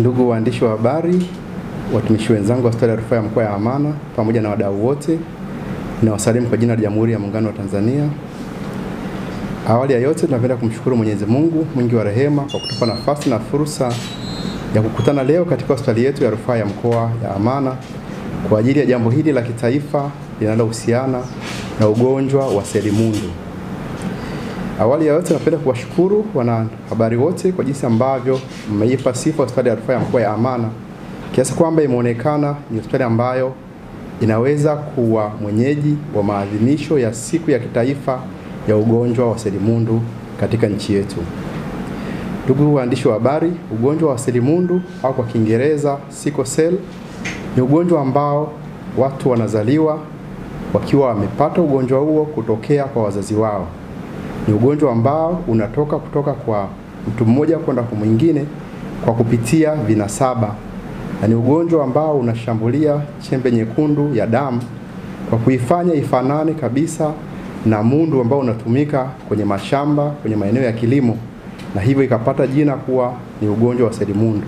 Ndugu waandishi wa habari, watumishi wenzangu wa hospitali ya rufaa ya mkoa ya Amana pamoja na wadau wote, nawasalimu kwa jina la Jamhuri ya Muungano wa Tanzania. Awali ya yote, tunapenda kumshukuru Mwenyezi Mungu mwingi wa rehema kwa kutupa nafasi na fursa ya kukutana leo katika hospitali yetu ya rufaa ya mkoa ya Amana kwa ajili ya jambo hili la kitaifa linalohusiana na ugonjwa wa selimundu. Awali ya yote napenda kuwashukuru wanahabari wote kwa jinsi ambavyo mmeipa sifa hospitali ya rufaa ya mkoa ya Amana kiasi kwamba imeonekana ni hospitali ambayo inaweza kuwa mwenyeji wa maadhimisho ya siku ya kitaifa ya ugonjwa wa selimundu katika nchi yetu. Ndugu waandishi wa habari, ugonjwa wa selimundu au kwa Kiingereza sickle cell ni ugonjwa ambao watu wanazaliwa wakiwa wamepata ugonjwa huo kutokea kwa wazazi wao. Ni ugonjwa ambao unatoka kutoka kwa mtu mmoja kwenda kwa mwingine kwa kupitia vinasaba, na ni ugonjwa ambao unashambulia chembe nyekundu ya damu kwa kuifanya ifanane kabisa na mundu ambao unatumika kwenye mashamba, kwenye maeneo ya kilimo, na hivyo ikapata jina kuwa ni ugonjwa wa selimundu.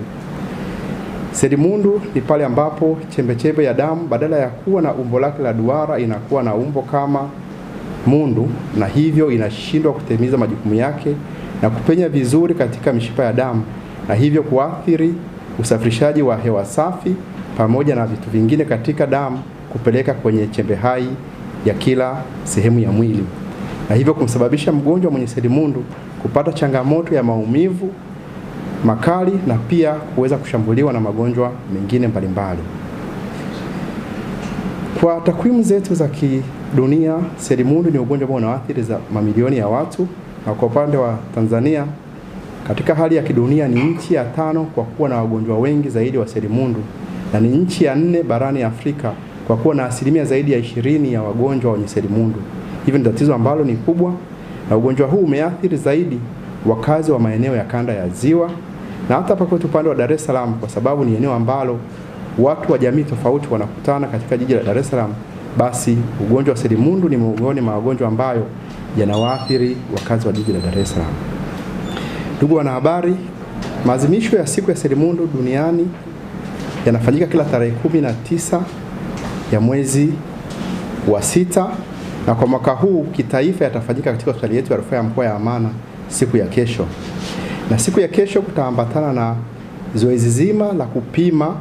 Selimundu ni pale ambapo chembechembe ya damu badala ya kuwa na umbo lake la duara inakuwa na umbo kama mundu na hivyo inashindwa kutimiza majukumu yake na kupenya vizuri katika mishipa ya damu na hivyo kuathiri usafirishaji wa hewa safi pamoja na vitu vingine katika damu kupeleka kwenye chembe hai ya kila sehemu ya mwili na hivyo kumsababisha mgonjwa mwenye selimundu kupata changamoto ya maumivu makali na pia kuweza kushambuliwa na magonjwa mengine mbalimbali. Kwa takwimu zetu za dunia selimundu ni ugonjwa ambao unaathiri mamilioni ya watu, na kwa upande wa Tanzania katika hali ya kidunia ni nchi ya tano kwa kuwa na wagonjwa wengi zaidi wa selimundu na ni nchi ya nne barani Afrika kwa kuwa na asilimia zaidi ya ishirini ya wagonjwa wenye selimundu. Hivyo ni tatizo ambalo ni kubwa, na ugonjwa huu umeathiri zaidi wakazi wa maeneo ya kanda ya Ziwa na hata hapa kwetu upande wa Dar es Salaam, kwa sababu ni eneo ambalo watu wa jamii tofauti wanakutana katika jiji la Dar es Salaam basi ugonjwa wa selimundu ni miongoni mwa magonjwa ambayo yanawaathiri wakazi wa jiji la Dar es Salaam. Ndugu wanahabari, maadhimisho ya siku ya selimundu duniani yanafanyika kila tarehe kumi na tisa ya mwezi wa sita na kwa mwaka huu kitaifa yatafanyika katika hospitali yetu ya rufaa ya mkoa ya Amana siku ya kesho, na siku ya kesho kutaambatana na zoezi zima la kupima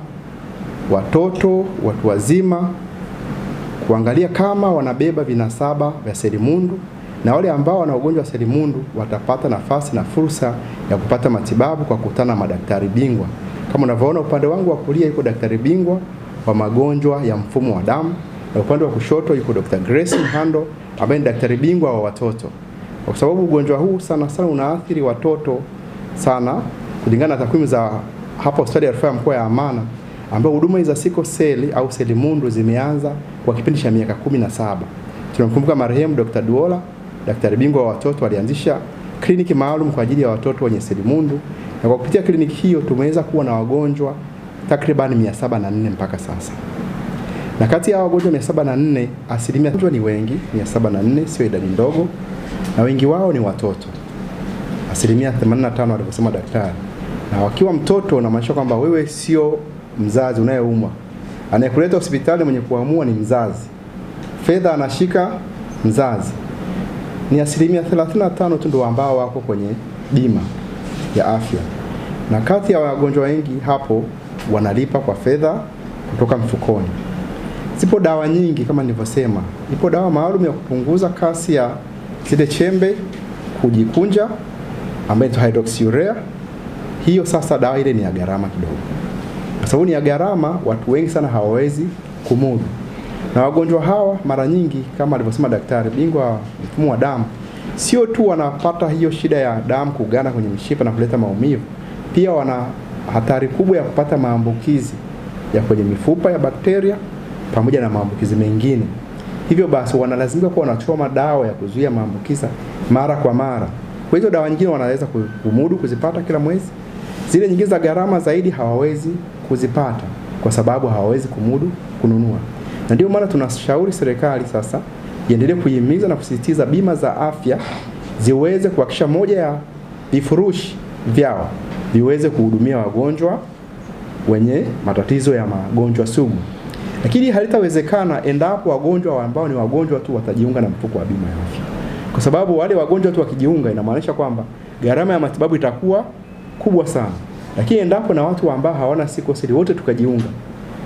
watoto, watu wazima kuangalia kama wanabeba vinasaba vya selimundu na wale ambao wana ugonjwa wa selimundu watapata nafasi na fursa ya kupata matibabu kwa kukutana na madaktari bingwa. Kama unavyoona upande wangu wa kulia yuko daktari bingwa wa magonjwa ya mfumo wa damu na upande wa kushoto yuko Dr. Grace Mhando ambaye ni daktari bingwa wa watoto, kwa sababu ugonjwa huu sana sana unaathiri watoto sana, kulingana na takwimu za hapa hospitali ya rufaa ya mkoa ya Amana ambao huduma za siko seli au seli mundu zimeanza kwa kipindi cha miaka kumi na saba. Tunamkumbuka marehemu Dr. Duola, daktari bingwa wa watoto, alianzisha kliniki maalum kwa ajili ya watoto wenye seli mundu, na kwa kupitia kliniki hiyo tumeweza kuwa na wagonjwa takriban nne mpaka sasa, na kati ya wagonjwa nne asilimia ni wengi, nne sio idadi ndogo, na wengi wao ni watoto, asilimia 85 alivyosema daktari. Na wakiwa mtoto unamaanisha kwamba wewe sio mzazi unayeumwa. Anayekuleta hospitali mwenye kuamua ni mzazi, fedha anashika mzazi. Ni asilimia 35 tu ndio ambao wako kwenye bima ya afya, na kati ya wagonjwa wengi hapo wanalipa kwa fedha kutoka mfukoni. Zipo dawa nyingi kama nilivyosema, ipo dawa maalum ya kupunguza kasi ya zile chembe kujikunja ambayo ni hydroxyurea. Hiyo sasa dawa ile ni ya gharama kidogo. Kwa sababu ni ya gharama, watu wengi sana hawawezi kumudu, na wagonjwa hawa mara nyingi kama alivyosema daktari bingwa mfumo wa damu, sio tu wanapata hiyo shida ya damu kugana kwenye mishipa na kuleta maumivu, pia wana hatari kubwa ya kupata maambukizi ya kwenye mifupa ya bakteria pamoja na maambukizi mengine. Hivyo basi wanalazimika kuwa wanachoma dawa ya kuzuia maambukiza mara kwa mara. Kwa hizo dawa nyingine wanaweza kumudu kuzipata kila mwezi, Zile nyingine za gharama zaidi hawawezi kuzipata kwa sababu hawawezi kumudu kununua, na ndio maana tunashauri serikali sasa iendelee kuhimiza na kusisitiza bima za afya ziweze kuhakikisha moja ya vifurushi vyao viweze kuhudumia wagonjwa wenye matatizo ya magonjwa sugu, lakini halitawezekana endapo wagonjwa ambao ni wagonjwa tu watajiunga na mfuko wa bima ya afya, kwa sababu wale wagonjwa tu wakijiunga, inamaanisha kwamba gharama ya matibabu itakuwa kubwa sana, lakini endapo na watu ambao hawana sickle cell wote tukajiunga,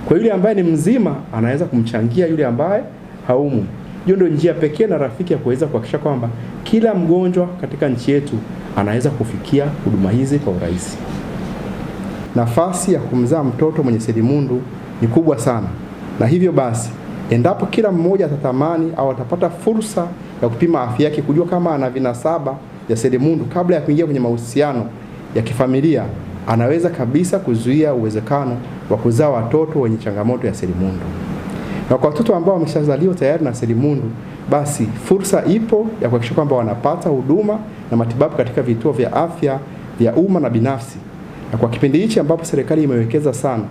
kwa yule ambaye ni mzima anaweza kumchangia yule ambaye haumu. Hiyo ndio njia pekee na rafiki ya kuweza kuhakikisha kwamba kila mgonjwa katika nchi yetu anaweza kufikia huduma hizi kwa urahisi. Nafasi ya kumzaa mtoto mwenye selimundu ni kubwa sana, na hivyo basi endapo kila mmoja atatamani au atapata fursa ya kupima afya yake, kujua kama ana vinasaba ya selimundu kabla ya kuingia kwenye mahusiano ya kifamilia anaweza kabisa kuzuia uwezekano wa kuzaa watoto wenye changamoto ya selimundu. Na kwa watoto ambao wameshazaliwa tayari na selimundu, basi fursa ipo ya kuhakikisha kwamba wanapata huduma na matibabu katika vituo vya afya vya umma na binafsi. Na kwa kipindi hichi ambapo serikali imewekeza sana,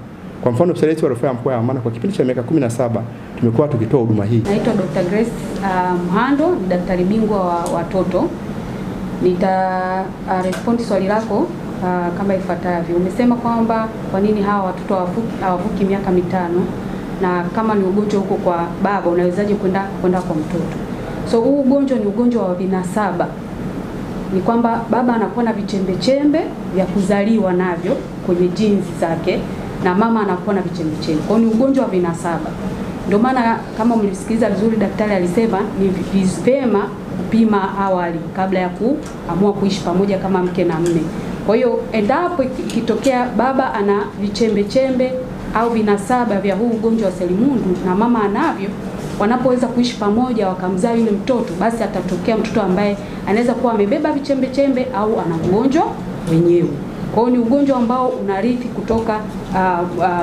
kwa mfano hospitali yetu ya rufaa ya mkoa ya Amana kwa kipindi cha miaka 17 tumekuwa tukitoa huduma hii. Naitwa Dr. Grace uh, Mhando, daktari bingwa wa watoto respond swali lako uh, kama ifuatavyo. Umesema kwamba kwa nini hawa watoto hawavuki miaka mitano na kama ni ugonjwa huko kwa baba unawezaje kwenda kwenda kwa mtoto? So huu ugonjwa ni ugonjwa wa vinasaba, ni kwamba baba anakuwa na vichembechembe vya kuzaliwa navyo kwenye jinsi zake na mama anakuwa na vichembechembe. Kwa hiyo ni ugonjwa wa vinasaba, ndio maana kama mlisikiliza vizuri, daktari alisema ni vizema kupima awali kabla ya kuamua kuishi pamoja kama mke na mme. Kwa hiyo endapo ikitokea baba ana vichembe chembe au vinasaba vya huu ugonjwa wa selimundu na mama anavyo, wanapoweza kuishi pamoja wakamzaa yule mtoto, basi atatokea mtoto ambaye anaweza kuwa amebeba vichembe chembe au ana ugonjwa wenyewe. Kwa hiyo ni ugonjwa ambao unarithi kutoka uh, uh,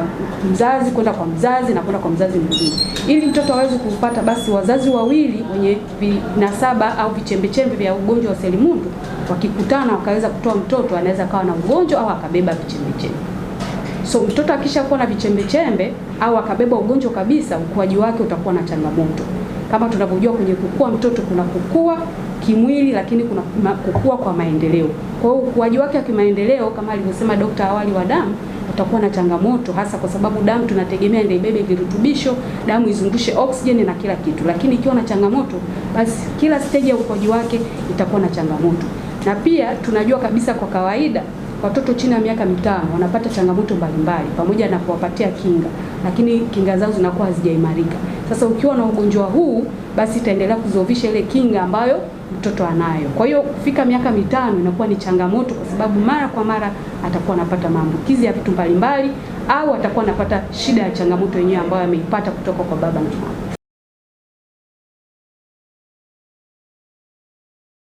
mzazi kwenda kwa mzazi na kwenda kwa mzazi mwingine. Ili mtoto aweze kupata, basi wazazi wawili wenye vinasaba au vichembechembe vya ugonjwa wa selimundu wakikutana wakaweza kutoa mtoto, anaweza akawa na ugonjwa au akabeba vichembechembe. So mtoto akishakuwa na vichembechembe au akabeba ugonjwa kabisa, ukuaji wake utakuwa na changamoto. Kama tunavyojua kwenye kukua mtoto kuna kukua kimwili, lakini kuna kukua kwa maendeleo. Kwa hiyo ukuaji wake wa kimaendeleo kama alivyosema daktari awali wa damu utakuwa na changamoto hasa kwa sababu damu tunategemea ndio ibebe virutubisho, damu izungushe oksijeni na kila kitu, lakini ikiwa na changamoto, basi kila stage ya ukuaji wake itakuwa na changamoto. Na pia tunajua kabisa kwa kawaida watoto chini ya miaka mitano wanapata changamoto mbalimbali pamoja na kuwapatia kinga lakini kinga zao zinakuwa hazijaimarika. Sasa ukiwa na ugonjwa huu, basi itaendelea kuzoofisha ile kinga ambayo mtoto anayo. Kwa hiyo kufika miaka mitano inakuwa ni changamoto, kwa sababu mara kwa mara atakuwa anapata maambukizi ya vitu mbalimbali, au atakuwa anapata shida ya changamoto yenyewe ambayo ameipata kutoka kwa baba na mama.